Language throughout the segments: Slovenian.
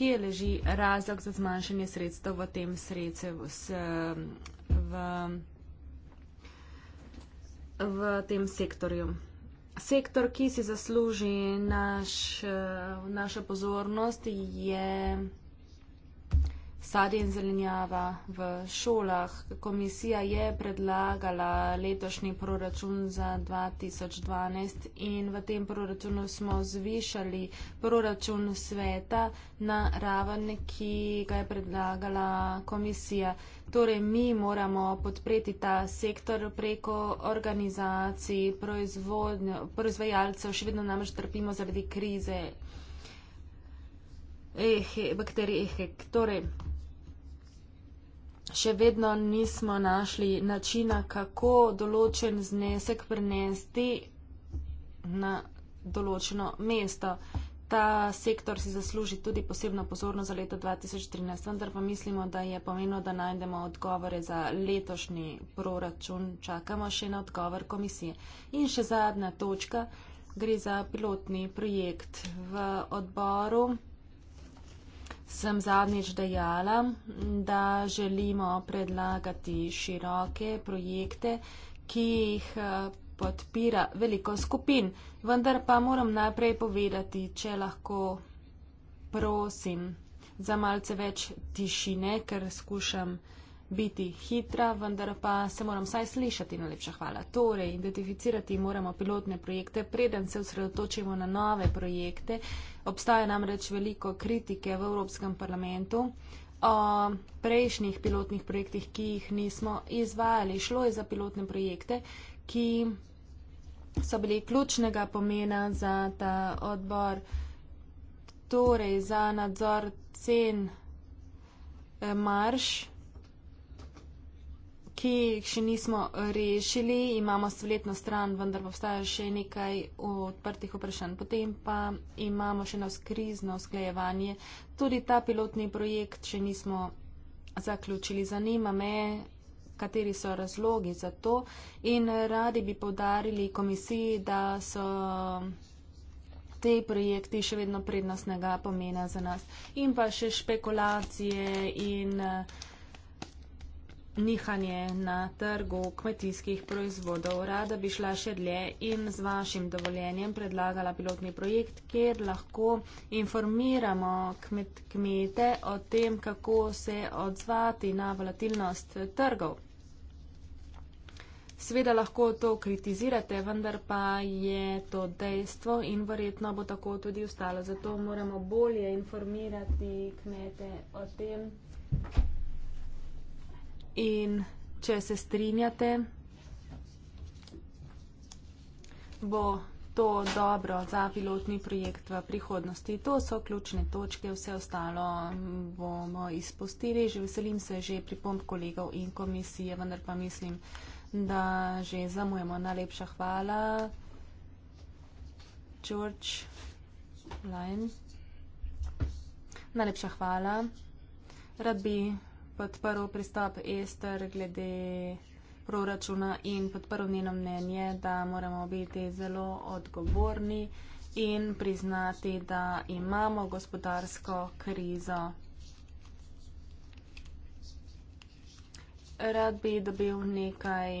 kje leži razlog za zmanjšanje sredstev v tem sredstev s, v, v tem sektorju. Sektor, ki si zasluži naš, našo pozornost, je sadje in zelenjava v šolah. Komisija je predlagala letošnji proračun za 2012 in v tem proračunu smo zvišali proračun sveta na raven, ki ga je predlagala komisija. Torej, mi moramo podpreti ta sektor preko organizacij, proizvajalcev, še vedno namreč trpimo zaradi krize. Ehe, bakterije, ehe. Torej, še vedno nismo našli načina, kako določen znesek prenesti na določeno mesto. Ta sektor si zasluži tudi posebno pozornost za leto 2013, vendar pa mislimo, da je pomenilo, da najdemo odgovore za letošnji proračun. Čakamo še na odgovor komisije. In še zadnja točka, gre za pilotni projekt v odboru sem zadnjič dejala, da želimo predlagati široke projekte, ki jih eh, podpira veliko skupin. Vendar pa moram najprej povedati, če lahko prosim za malce več tišine, ker skušam biti hitra, vendar pa se moram vsaj slišati, najlepša hvala. Torej, identificirati moramo pilotne projekte, preden se usredotočimo na nove projekte. Obstaja namreč veliko kritike v Evropskem parlamentu o prejšnjih pilotnih projektih, ki jih nismo izvajali. Šlo je za pilotne projekte, ki so bili ključnega pomena za ta odbor, torej za nadzor cen eh, marš ki jih še nismo rešili, imamo svetno stran, vendar obstaja še nekaj odprtih vprašanj. Potem pa imamo še navskrizno usklejevanje. Tudi ta pilotni projekt še nismo zaključili. Zanima me, kateri so razlogi za to in radi bi povdarili komisiji, da so. Te projekti še vedno prednostnega pomena za nas. In pa še špekulacije in uh, nihanje na trgu kmetijskih proizvodov. Rada bi šla še dlje in z vašim dovoljenjem predlagala pilotni projekt, kjer lahko informiramo kmet, kmete o tem, kako se odzvati na volatilnost trgov. Sveda lahko to kritizirate, vendar pa je to dejstvo in verjetno bo tako tudi ostalo. Zato moramo bolje informirati kmete o tem. In če se strinjate, bo to dobro za pilotni projekt v prihodnosti. To so ključne točke, vse ostalo bomo izpustili. Že veselim se že pripomb kolegov in komisije, vendar pa mislim, da že zamujemo. Najlepša hvala. George Lyon. Najlepša hvala. Rad bi podprl pristop Ester glede proračuna in podprl njeno mnenje, da moramo biti zelo odgovorni in priznati, da imamo gospodarsko krizo. Rad bi dobil nekaj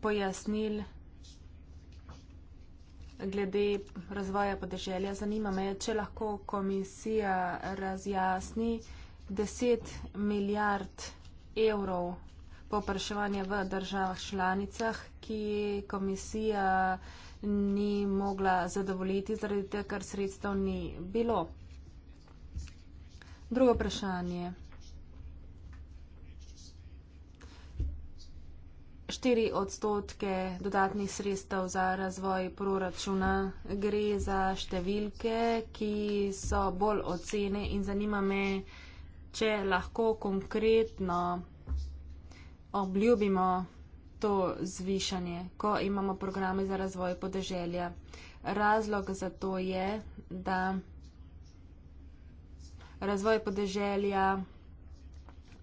pojasnil glede razvoja podeželja. Zanima me, če lahko komisija razjasni, da je. 10 milijard evrov popraševanja v državah članicah, ki komisija ni mogla zadovoljiti, zaradi tega, ker sredstev ni bilo. Drugo vprašanje. 4 odstotke dodatnih sredstev za razvoj proračuna gre za številke, ki so bolj ocene in zanima me, če lahko konkretno obljubimo to zvišanje, ko imamo programe za razvoj podeželja. Razlog za to je, da razvoj podeželja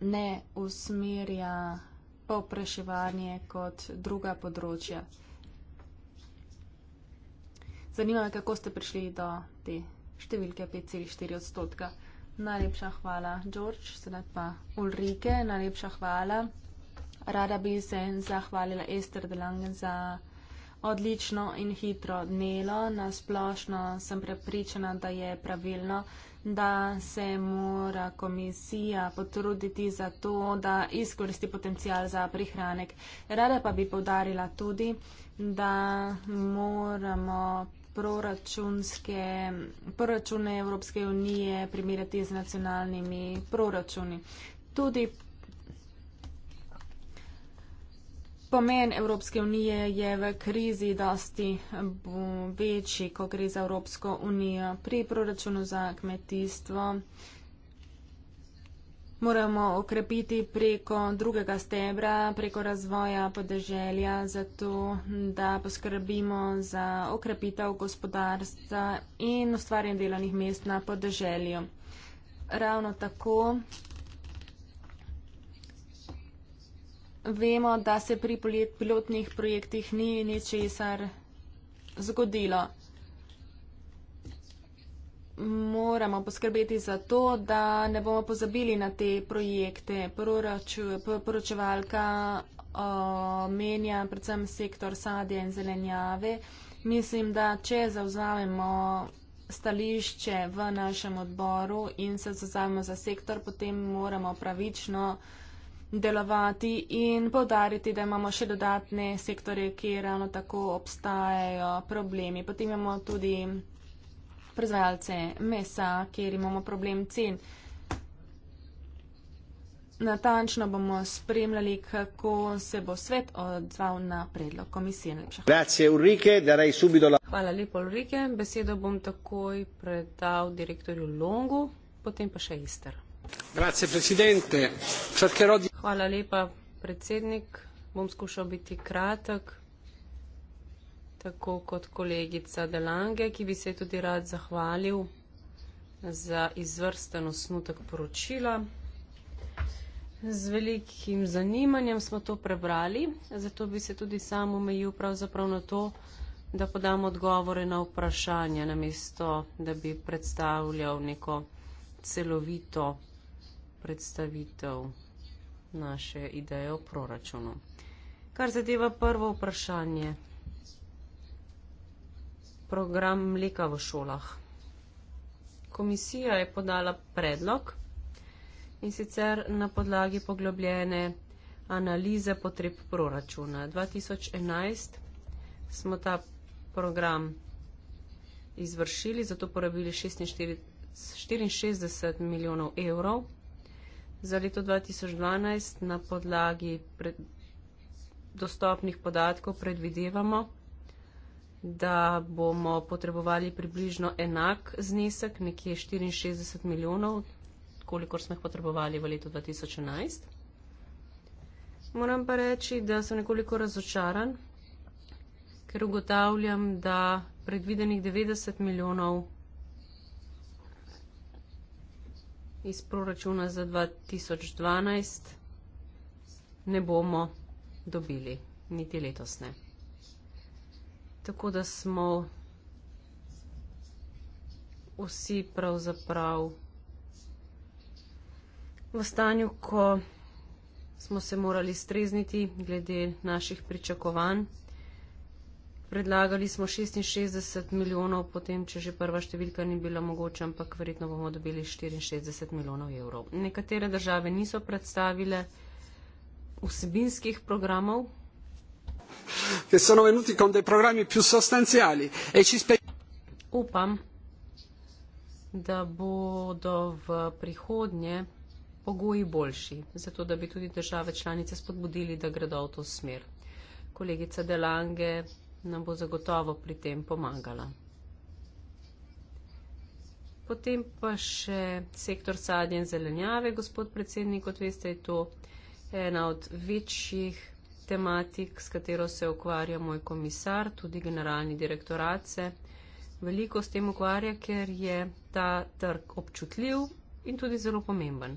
ne usmerja popraševanje kot druga področja. Zanima me, kako ste prišli do te številke 5,4 odstotka. Najlepša hvala, George, sedaj pa Ulrike, najlepša hvala. Rada bi se zahvalila Ester Delange za odlično in hitro delo. Na splošno sem prepričana, da je pravilno, da se mora komisija potruditi za to, da izkoristi potencial za prihranek. Rada pa bi povdarila tudi, da moramo proračunske, proračune Evropske unije primerjati z nacionalnimi proračuni. Tudi pomen Evropske unije je v krizi dosti večji, ko gre za Evropsko unijo pri proračunu za kmetijstvo moramo okrepiti preko drugega stebra, preko razvoja podeželja, zato da poskrbimo za okrepitev gospodarstva in ustvarjanje delovnih mest na podeželju. Ravno tako vemo, da se pri pilotnih projektih ni ničesar zgodilo moramo poskrbeti za to, da ne bomo pozabili na te projekte. Poročevalka menja predvsem sektor sadja in zelenjave. Mislim, da če zauzamemo stališče v našem odboru in se zauzamemo za sektor, potem moramo pravično delovati in povdariti, da imamo še dodatne sektore, kjer ravno tako obstajajo problemi. Potem imamo tudi proizvajalce mesa, kjer imamo problem cen. Natančno bomo spremljali, kako se bo svet odzval na predlog komisije. Hvala lepo, Ulrike. Besedo bom takoj predal direktorju Longu, potem pa še Ister. Hvala lepa, predsednik. Bom skušal biti kratek tako kot kolegica Delange, ki bi se tudi rad zahvalil za izvrsten osnutek poročila. Z velikim zanimanjem smo to prebrali, zato bi se tudi sam omejil pravzaprav na to, da podam odgovore na vprašanje, namesto da bi predstavljal neko celovito predstavitev naše ideje o proračunu. Kar zadeva prvo vprašanje, program mleka v šolah. Komisija je podala predlog in sicer na podlagi poglobljene analize potreb proračuna. 2011 smo ta program izvršili, zato porabili 64 milijonov evrov. Za leto 2012 na podlagi pred, dostopnih podatkov predvidevamo, da bomo potrebovali približno enak znesek, nekje 64 milijonov, kolikor smo jih potrebovali v letu 2011. Moram pa reči, da sem nekoliko razočaran, ker ugotavljam, da predvidenih 90 milijonov iz proračuna za 2012 ne bomo dobili, niti letos ne. Tako da smo vsi pravzaprav v stanju, ko smo se morali strezniti glede naših pričakovanj. Predlagali smo 66 milijonov, potem, če že prva številka ni bila mogoča, ampak verjetno bomo dobili 64 milijonov evrov. Nekatere države niso predstavile vsebinskih programov, che sono venuti con dei programmi più sostanziali e ci Upam, da bodo v prihodnje pogoji boljši, zato da bi tudi države članice spodbudili, da gredo v to smer. Kolegica Delange nam bo zagotovo pri tem pomagala. Potem pa še sektor sadja in zelenjave, gospod predsednik, kot veste, je to ena od večjih tematik, s katero se ukvarja moj komisar, tudi generalni direktorat se veliko s tem ukvarja, ker je ta trg občutljiv in tudi zelo pomemben.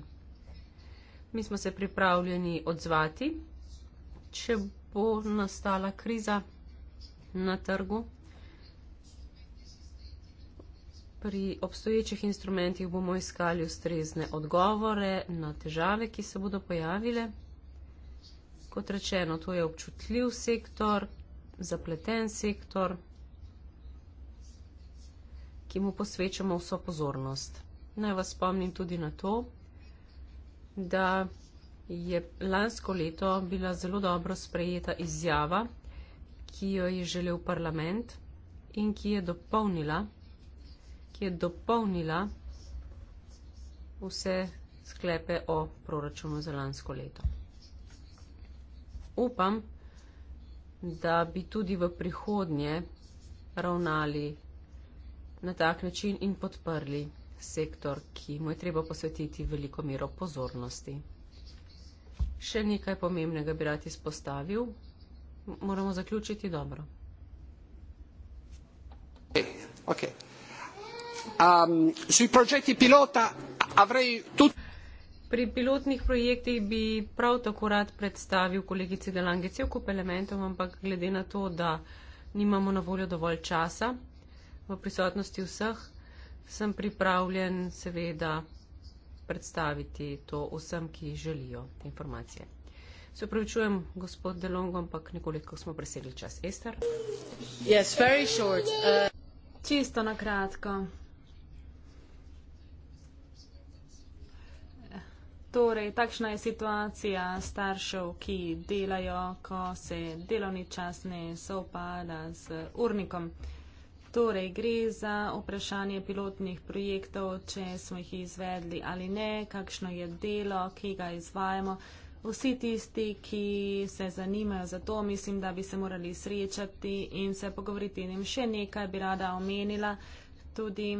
Mi smo se pripravljeni odzvati, če bo nastala kriza na trgu. Pri obstoječih instrumentih bomo iskali ustrezne odgovore na težave, ki se bodo pojavile kot rečeno, to je občutljiv sektor, zapleten sektor, ki mu posvečamo vso pozornost. Naj vas spomnim tudi na to, da je lansko leto bila zelo dobro sprejeta izjava, ki jo je želel parlament in ki je dopolnila, ki je dopolnila vse sklepe o proračunu za lansko leto upam, da bi tudi v prihodnje ravnali na tak način in podprli sektor, ki mu je treba posvetiti veliko mero pozornosti. Še nekaj pomembnega bi rad izpostavil. Moramo zaključiti dobro. Okay. Um, sui progetti pilota avrei tutto. Pri pilotnih projektih bi prav tako rad predstavil kolegici Delange cel kup elementov, ampak glede na to, da nimamo na voljo dovolj časa v prisotnosti vseh, sem pripravljen seveda predstaviti to vsem, ki želijo informacije. Se upravičujem, gospod Delongo, ampak nekoliko smo presegli čas. Ester? Yes, very short. Uh... Čisto na kratko. Torej, takšna je situacija staršev, ki delajo, ko se delovni čas ne sovpada z urnikom. Torej, gre za vprašanje pilotnih projektov, če smo jih izvedli ali ne, kakšno je delo, ki ga izvajamo. Vsi tisti, ki se zanimajo za to, mislim, da bi se morali srečati in se pogovoriti. In še nekaj bi rada omenila tudi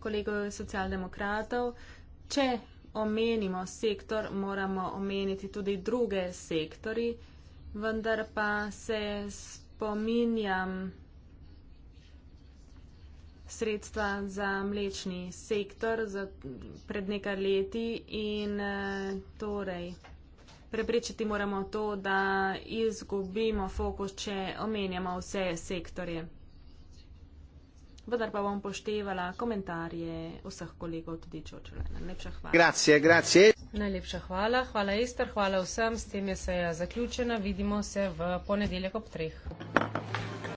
kolego socialdemokratov. Če omenimo sektor, moramo omeniti tudi druge sektori, vendar pa se spominjam sredstva za mlečni sektor za pred nekaj leti in eh, torej preprečiti moramo to, da izgubimo fokus, če omenjamo vse sektorje vendar pa bom poštevala komentarje vseh kolegov tudi čočele. Najlepša hvala. Grazie, grazie. Najlepša hvala. Hvala Ester, hvala vsem. S tem je seja zaključena. Vidimo se v ponedeljek ob treh.